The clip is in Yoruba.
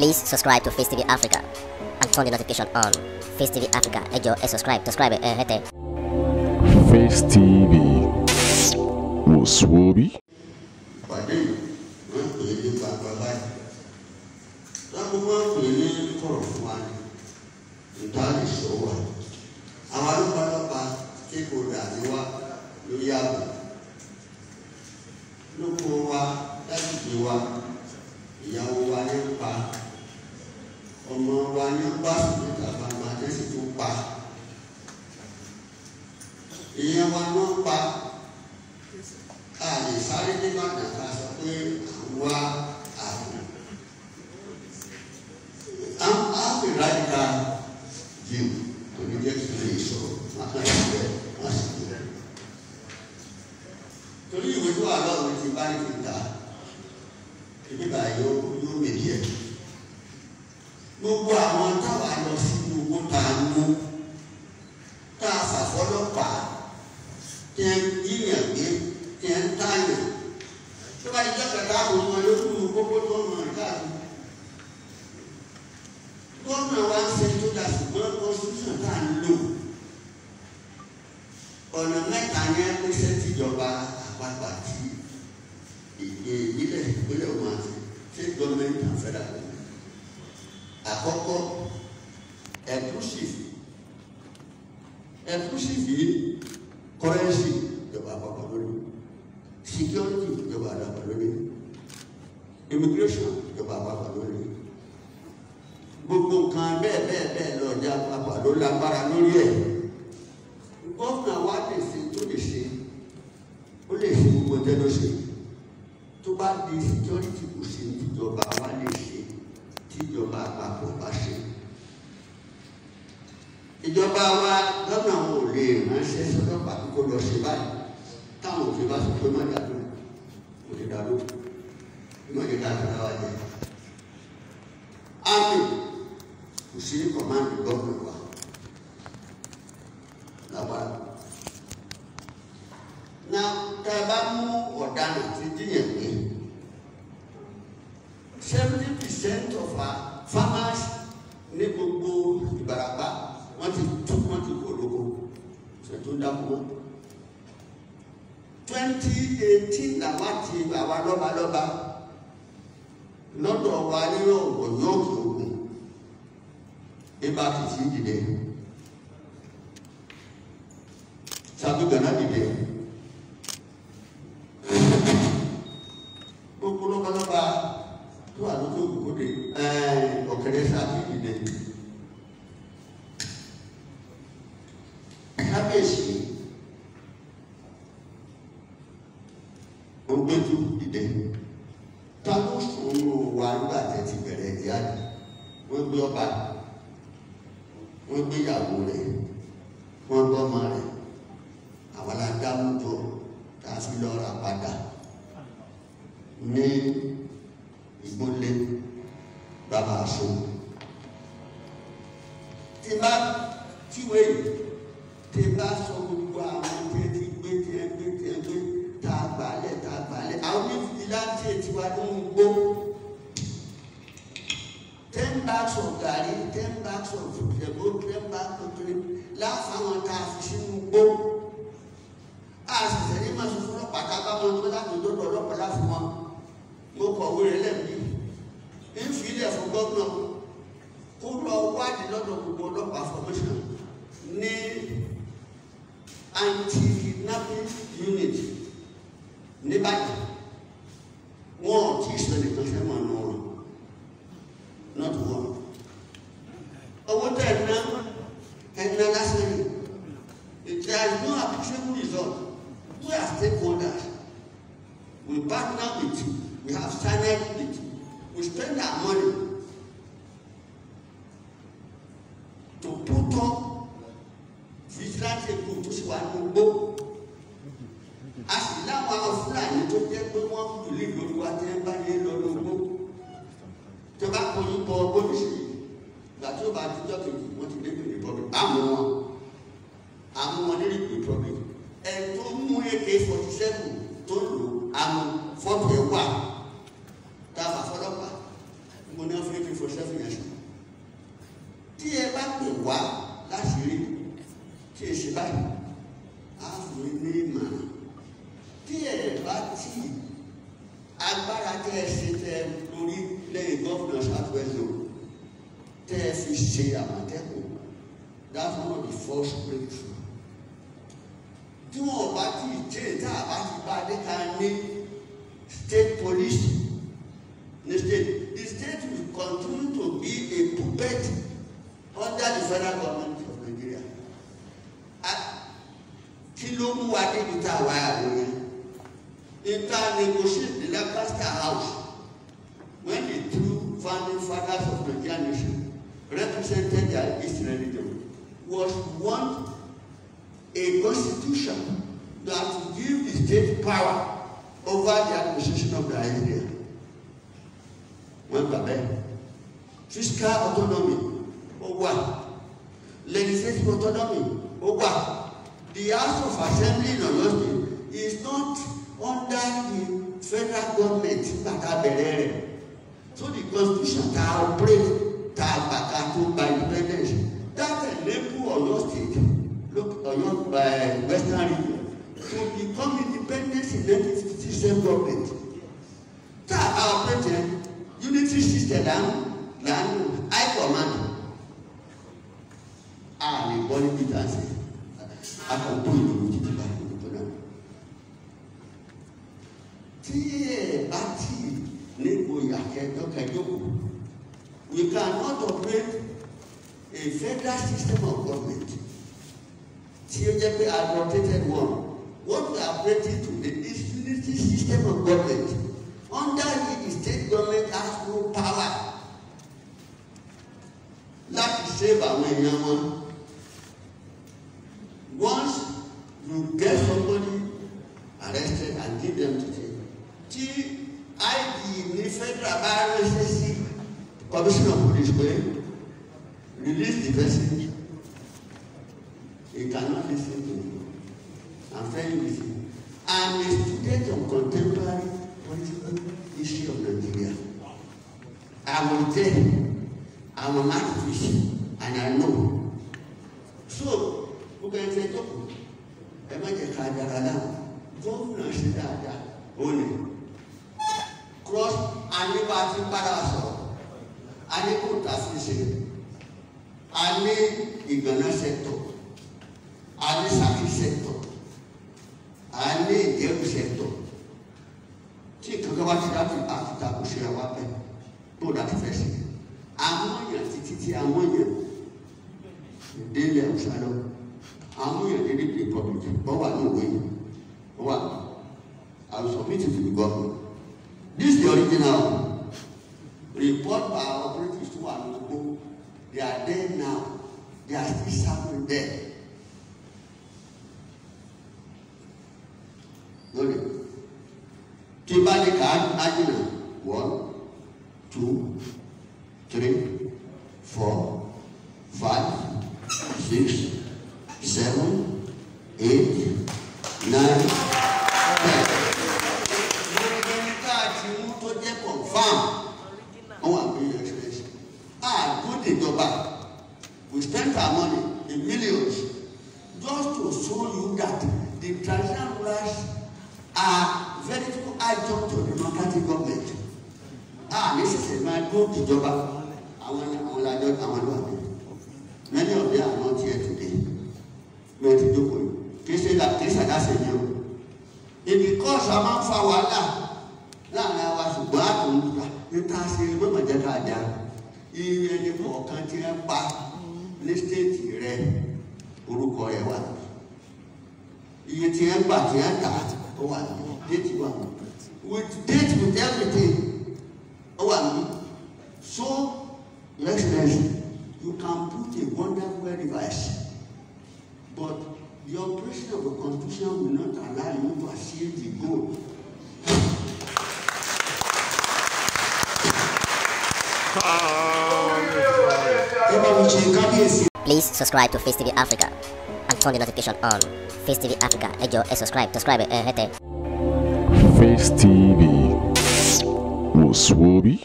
Please subscribe to Face TV Africa and turn the notification on. Face TV Africa, enjoy jọ̀ọ́ subscribe, subscribe ẹ hẹ́tẹ̀. Face TV wò sùn orí. Pàdé wọ́n pè é ní bàbá báyìí. Lákòókò pè é ní kọ̀rọ̀ fún wa ní ìtàlí ìṣòwò. Àwọn alúpàlọ́pàá kékeré àríwá ló yàgò. Lóko wa, dájúdé wa, ìyàwó wa ní pa. ọmọ wa ní báṣubú tàbá máa jésù tó pa ìyẹn wa ló pa a lè sáré nígbàdàn ká sọ pé àwa àrùn á fi ráyìíká jìm kò ní jẹ́ kí lè sọ àkàtúntẹ̀ wọ́n sì jẹ́ torí ìwé tó wà lọ́wọ́ ti bá ní fi ta ìgbéga yóò yóò mèdí ẹ̀ gbogbo àwọn táwa lọ sí gbogbo tá a mú tá a fàfọlọ́pàá tí a ń jiyàn gbé tí a ń tàyàn tó bá ti jẹ́ kẹta àwọn ọmọ lójú gbogbo tó ń rìn káàkiri gómìnà wa ń ṣe tó dà ṣùgbọ́n constitution tá à ń lò ọ̀nà mẹ́ta ní ẹgbẹ́sẹ̀ tìjọba àpapọ̀ àti ìgbé ìpínlẹ̀ wọn àti state government and exclusive yìí currency ìjọba àpapọ̀ lórí security ìjọba àpapọ̀ lórí immigration ìjọba àpapọ̀ lórí gbogbo nǹkan bẹ́ẹ̀ bẹ́ẹ̀ bẹ́ẹ̀ lọ ọjà àpapọ̀ ló lágbára lórí ẹ̀ gómìnà wa lè ṣe tó lè ṣe ó lè ṣe gbogbo ọjọ́ ṣe tó bá di security kò ṣe tíjọba wa lè ṣe tíjọba àpapọ̀ bá ṣe ìjọba wa lọ́nà àwọn ò lè ránṣẹ́ sọ́dọ̀pá kó lọ ṣe báyìí táwọn òfin bá sọ pé má dàdó kò lè dàdó má lè dàdó ara wa jẹ. ámì kò sí kọ̀mándì gọ́ọ̀mù wa lágbára. na tá a bá mú ọ̀daràn ti díyàn pé seventy percent of our farmers ní gbogbo Ìbàràpá wọ́n ti tú wọ́n ti kò lóko ṣe tó dáko twenty eighteen làwa ti àwa lọ́balọ́ba lọ́dọ̀ wa nínú ọ̀gbọ̀n yóò kí ogun ibà kìí sí dìde ṣàtúgbọ̀n náà dìde. ó gbójú dìde ta ló ṣòro wa nígbà tẹ́ ti bẹ̀rẹ̀ ìyáàdì wọ́n gbé ọba wọ́n gbé ìyàwó rẹ̀ wọ́n gbọ́ ọmọ rẹ̀ àwọn aládáwùjọ tá a fi lọ ra padà ní ìgbónlé bàbá aṣọ tí bá tíwèé tí bá sọ. ten bags of garri ten bags of ẹ̀gbọ́ ten bags of drink láfàwọn tá a fi sínú gbó a ṣẹ̀ṣẹ̀ ní máa sọ fún ọlọ́pàá tá a bá wọn tó láti dọ́dọ̀ ọlọ́pàá láfi wọn mo kọ̀wé rẹ̀ lẹ́mí ń fi ilẹ̀ fún gómìnà kó lọ wádìí lọ́dọ̀ gbogbo ọlọ́pàá fọmọ́ṣán ní anti-kidnapping unit ní done. We are stakeholders. We partner with you. We have signed it. We spend our money to put up vigilante group tó sì wà ní gbogbo. A sì láwọn Fúlàní to jẹ́ pé wọ́n kù lè lórí wa tẹ́ ń bá yé lọ lógbó. Tó bá kojú bọ oríṣiríṣi ìgbà tí ó bá dijọ́ kejì wọ́n ti dé ní republic. Àmọ́ wọn àmọ́ wọn ní republic ẹni tó mú AK forty seven tó lò àmọ́ fọ́tò ẹ̀ wà tá a fà fọ́lọ́pàá mo ní ọ́fíì AK forty seven yẹn ṣùgbọ́n tí ẹ bá pè wá láṣìírí tí ẹ ṣe báyìí á fún mi ní ìmọ̀ràn tí ẹ bá tì agbára tẹ ẹ ṣe tẹ lórí lẹ́yìn gọ́fìnà ṣàtúwẹ̀lò tẹ ẹ fi ṣe àmọ̀tẹ́kùn that one be false breakthrough tí wọ́n bá ti jẹ́ tá a bá ti bá dé ká ní state police ní state the state will continue to be a puppet under the federal government of Nigeria kí ló mú wa débi tá a wá àwọn yẹn ìta negotiate the Lancaster House when the two founding fathers of Nigeria nation represented their East religion was one a constitution that give the state power over the administration of the area. Wọ́n gbà bẹ́ẹ̀. Fiscal autonomy ó wà. Legislative autonomy ó wà. The House of Assembly in Oyo State is not under the federal government gbàgbà bẹ̀rẹ̀ rẹ̀. So the constitution ta operate ta gbàgbà tó gba independence that enable Oyo State look Ọ̀yọ́ uh, by uh, Western Region to become independent elected system government tá a bá operate unity system lánàá lánàá high command a lè bọ́ níbi ìdánsẹ̀ akọ̀kọ̀ ìlú jíjí bá ìlú tó náà tí ẹ bá tì ní oyè akẹ́jọ́ kẹjọ́ we cannot operate a federal system of government tí ó jẹ́ pé adopted one what we are breaking the is system of government under the state government has no power láti save àwọn èèyàn wọn once you get somebody arrested and give them to them, tí id ní federal bá rẹ́ṣẹ́ sí commissioner of police pé release the person He cannot listen to you. I'm telling you. I'm a student of contemporary political history of Nigeria. I was there. I'm an activist and I know. So, gbogbo ẹni say tó kù, ẹ má jẹ ká dára dáhùn. Gómìnà Cross Anípa ti padà sọ̀rọ̀. Anípa ò tà sí ṣe. A ní ìgbàlá ṣẹ̀tọ̀ a ní Ṣakí sector a ní Ìjẹ̀bú sector tí kankan bá ti dájú àfitá kò ṣe àwa pẹ tó dájú fẹ́ ṣe àwọn èèyàn títí tí àwọn èèyàn délé àwùjọ lọ àwọn èèyàn délé dé public bọ́ wà ní òwe yìí wà I will submit it to this is the original report by our operatives to our local they are there now they are still serving there. tibali card ajina one two three four five six seven eight nine ten. gbogbo káàdì mú tó jẹ́ confam wọ́n wà bí express àgùdì ìjọba we spend our money in millions just to show you that the traditional rulers. I talk to the makati government. Ah, gọ́ọ̀mẹ̀ntì a ní sẹ̀sẹ̀ máa dúró dìjọba àwọn àwọn lajọ àwọn ló àbẹ̀ mẹ́ni ọ̀bẹ àwọn tiẹ̀ ti dé mẹ́ni ti jókòó kì í ṣe là kì í ṣàdáṣe yẹn o ìdí kọ́ọ̀sì a máa ń fa wàhálà láàrin àwa ṣùgbọ́n a kò ń gbà níta ṣe mọ́mọ́jẹ́ ká dá iye ẹni to ti ń pa ní stéètì rẹ orúkọ rẹ wà iye tí ń gbà tí ń tà ó wà ní stéètì wà wọ́n. with date with everything. Oh, so, Your Excellency, you can put a wonderful device, but the operation of the Constitution will not allow you to achieve the goal. Please subscribe to Face TV Africa and turn the notification on. Face TV Africa, ejo, subscribe, subscribe, eh, Stevie was Swoby.